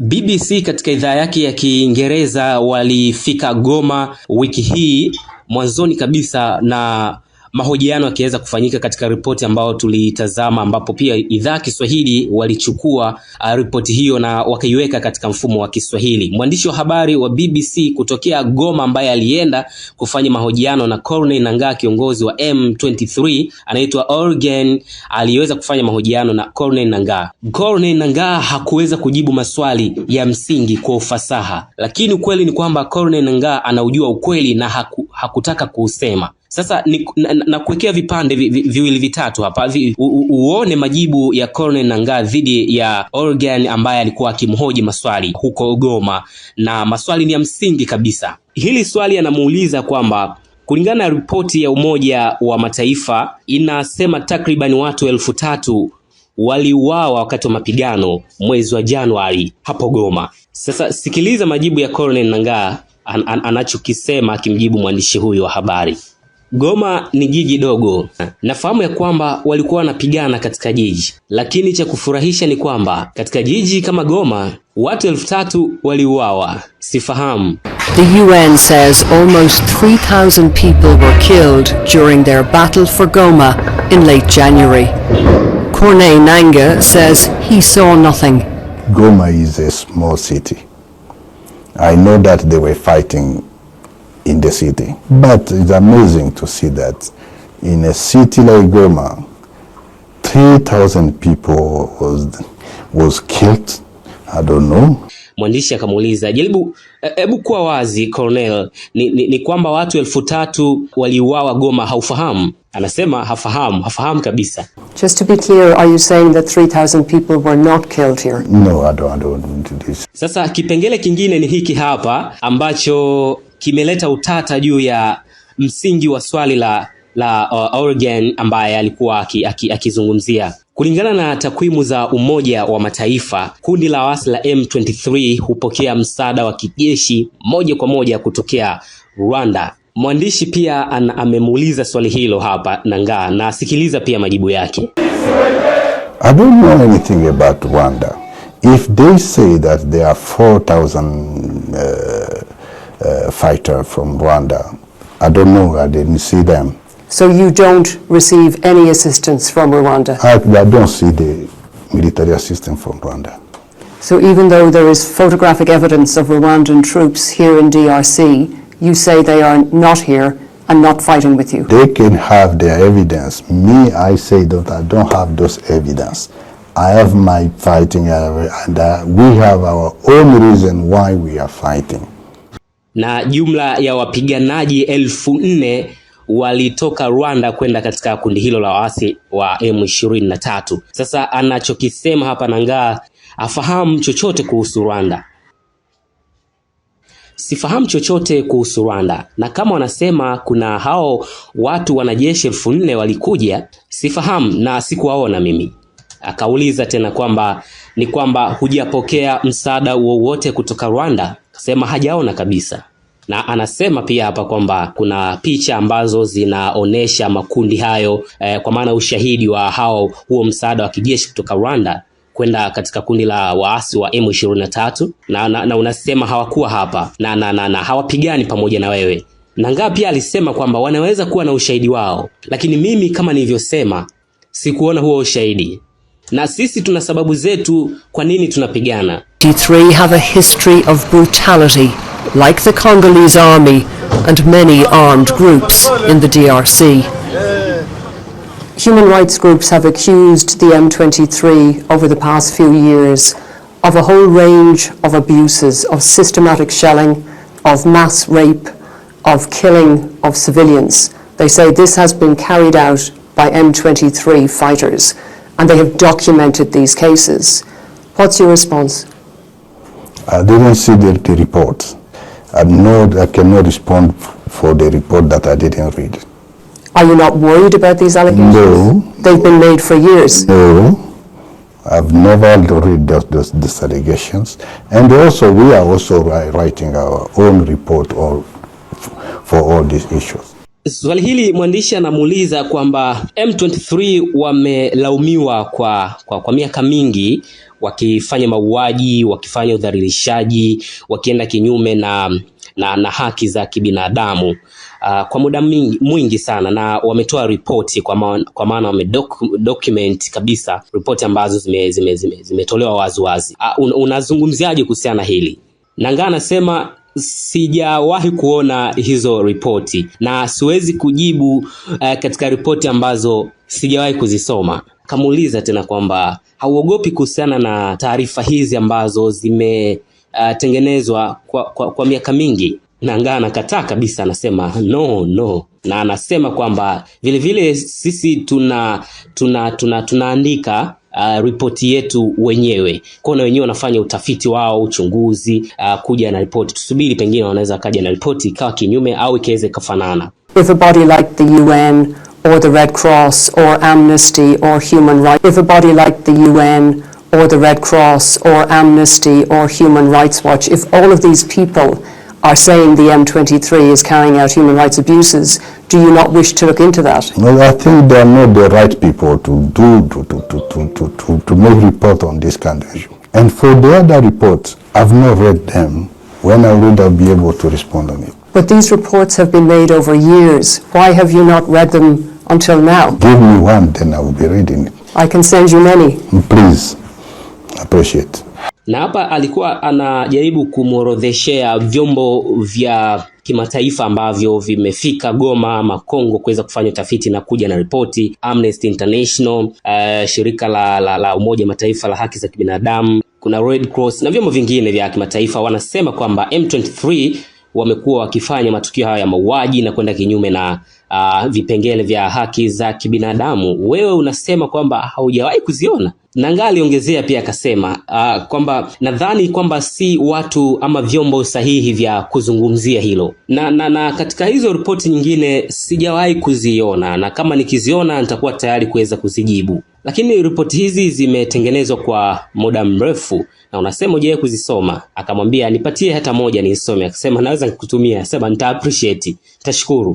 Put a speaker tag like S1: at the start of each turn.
S1: BBC katika idhaa yake ya Kiingereza walifika Goma wiki hii mwanzoni kabisa na mahojiano yakiweza kufanyika katika ripoti ambayo tuliitazama, ambapo pia idhaa ya Kiswahili walichukua uh, ripoti hiyo na wakaiweka katika mfumo wa Kiswahili. Mwandishi wa habari wa BBC kutokea Goma ambaye alienda kufanya mahojiano na corney Nangaa, kiongozi wa M23 anaitwa Orgen, aliweza kufanya mahojiano na corney Nangaa. corney Nangaa hakuweza kujibu maswali ya msingi kwa ufasaha, lakini ukweli ni kwamba corney Nangaa anaujua ukweli na haku hakutaka kusema Sasa nakuwekea na, na vipande vi, vi, viwili vitatu hapa vi, u, uone majibu ya Cornel Nangaa dhidi ya Organ ambaye alikuwa akimhoji maswali huko Goma, na maswali ni ya msingi kabisa. Hili swali anamuuliza kwamba kulingana na ripoti ya Umoja wa Mataifa inasema takriban watu elfu tatu waliuawa wakati wa mapigano mwezi wa Januari hapo Goma. Sasa sikiliza majibu ya Cornel Nangaa an, an, anachokisema akimjibu mwandishi huyu wa habari. Goma ni jiji dogo, nafahamu ya kwamba walikuwa wanapigana katika jiji, lakini cha kufurahisha ni kwamba katika jiji kama Goma watu elfu tatu waliuawa. Sifahamu.
S2: The UN says almost 3000 people were killed during their battle for Goma in late January. Corneille Nanga says he saw nothing.
S3: Goma is a small city. I know that they were fighting in the city, but it's amazing to see that in a city like Goma, 3,000 people was, was killed. I don't know
S1: Mwandishi akamuuliza jaribu, eh, hebu e, kuwa wazi Colonel, ni, ni, ni kwamba watu elfu tatu waliuawa Goma, haufahamu? Anasema hafahamu, hafahamu kabisa.
S4: Just to be clear, are you saying that 3000 people were not killed here?
S3: No, I don't, I don't do this.
S1: Sasa kipengele kingine ni hiki hapa ambacho kimeleta utata juu ya msingi wa swali la la uh, Oregon ambaye alikuwa akizungumzia aki, aki Kulingana na takwimu za Umoja wa Mataifa, kundi la waasi la M23 hupokea msaada wa kijeshi moja kwa moja kutokea Rwanda. Mwandishi pia amemuuliza swali hilo hapa Nangaa, na asikiliza pia majibu yake.
S3: I don't know anything about Rwanda. If they say that there are 4000 uh, uh, fighter from Rwanda, I don't know, I didn't see them.
S4: So you don't receive any assistance from Rwanda?
S3: I, I don't see the military assistance from Rwanda.
S4: So even though there is photographic evidence of Rwandan troops here in DRC, you say they are not here and not fighting with you?
S3: They can have their evidence. Me, I say that I don't have those evidence. I have my fighting, and uh, we have our own reason why we are fighting.
S1: Na jumla ya wapiganaji elfu nne walitoka Rwanda kwenda katika kundi hilo la waasi wa M23. Sasa anachokisema hapa Nangaa afahamu chochote kuhusu Rwanda. Sifahamu chochote kuhusu Rwanda, na kama wanasema kuna hao watu wanajeshi elfu nne walikuja, sifahamu na sikuwaona mimi. Akauliza tena kwamba ni kwamba hujapokea msaada wowote kutoka Rwanda, akasema hajaona kabisa na anasema pia hapa kwamba kuna picha ambazo zinaonesha makundi hayo eh, kwa maana ushahidi wa hao huo msaada wa kijeshi kutoka Rwanda kwenda katika kundi la waasi wa M23 na, na, na unasema hawakuwa hapa na, na, na, na hawapigani pamoja na wewe. Nangaa pia alisema kwamba wanaweza kuwa na ushahidi wao, lakini mimi kama nilivyosema, sikuona huo ushahidi na sisi tuna sababu zetu kwa nini tunapigana.
S2: T3 have a history of brutality like the Congolese army and many armed groups in the DRC.
S4: Human rights groups have accused the M23 over the past few years of a whole range of abuses, of systematic shelling, of mass rape, of killing of civilians. They say this has been carried out by M23 fighters and they have documented these cases. What's your response?
S3: I didn't see the, the report. I, know, I cannot respond for the report that I didn't read.
S4: Are you not worried about these allegations? No. They've been made for years.
S3: No. I've never read those, those, allegations. And also, we are also writing our own report all, for all these issues.
S1: Swali hili mwandishi anamuuliza kwamba M23 wamelaumiwa kwa, kwa, kwa miaka mingi wakifanya mauaji, wakifanya udhalilishaji, wakienda kinyume na, na, na haki za kibinadamu uh, kwa muda mingi, mwingi sana, na wametoa ripoti kwa maana, kwa maana wame document kabisa ripoti ambazo zimetolewa zime, zime, zime waziwazi. Uh, un, unazungumziaje kuhusiana hili? Nangaa anasema sijawahi kuona hizo ripoti na siwezi kujibu uh, katika ripoti ambazo sijawahi kuzisoma. Kamuuliza tena kwamba hauogopi kuhusiana na taarifa hizi ambazo zimetengenezwa eh, uh, kwa, kwa, kwa miaka mingi na ngaa anakataa kabisa, anasema no no, na anasema kwamba vilevile sisi tuna tuna tuna tunaandika uh, ripoti yetu wenyewe kwao, na wenyewe wanafanya utafiti wao, uchunguzi uh, kuja na ripoti. Tusubiri pengine wanaweza kaja na ripoti ikawa kinyume au ikiweza ikafanana.
S4: If a body like the UN or the Red Cross or Amnesty or Human Rights if a body like the UN or the Red Cross or Amnesty or Human Rights Watch if all of these people are saying the M23 is carrying out human rights abuses. Do you not wish to look into that?
S3: No, I think they are not the right people to do to, to, to, to, to, to make report on this kind of issue. And for the other reports, I've not read them. When I read, I'll be able to respond on it.
S4: But these reports have been made over years. Why have you not read them until now?
S3: Give me one, then I will be reading it.
S4: I can send you many.
S3: Please. Appreciate
S1: na hapa alikuwa anajaribu kumworodheshea vyombo vya kimataifa ambavyo vimefika Goma ama Kongo kuweza kufanya utafiti na kuja na ripoti. Amnesty International, uh, shirika la, la, la Umoja Mataifa la haki za kibinadamu, kuna Red Cross na vyombo vingine vya kimataifa, wanasema kwamba M23 wamekuwa wakifanya matukio haya ya mauaji na kwenda kinyume na uh, vipengele vya haki za kibinadamu, wewe unasema kwamba haujawahi kuziona na aliongezea pia akasema uh, kwamba nadhani kwamba si watu ama vyombo sahihi vya kuzungumzia hilo, na, na, na katika hizo ripoti nyingine sijawahi kuziona, na kama nikiziona nitakuwa tayari kuweza kuzijibu, lakini ripoti hizi zimetengenezwa kwa muda mrefu na unasema hujawahi kuzisoma. Akamwambia nipatie hata moja nisome akasema naweza nikutumia, sema nita appreciate, nitashukuru.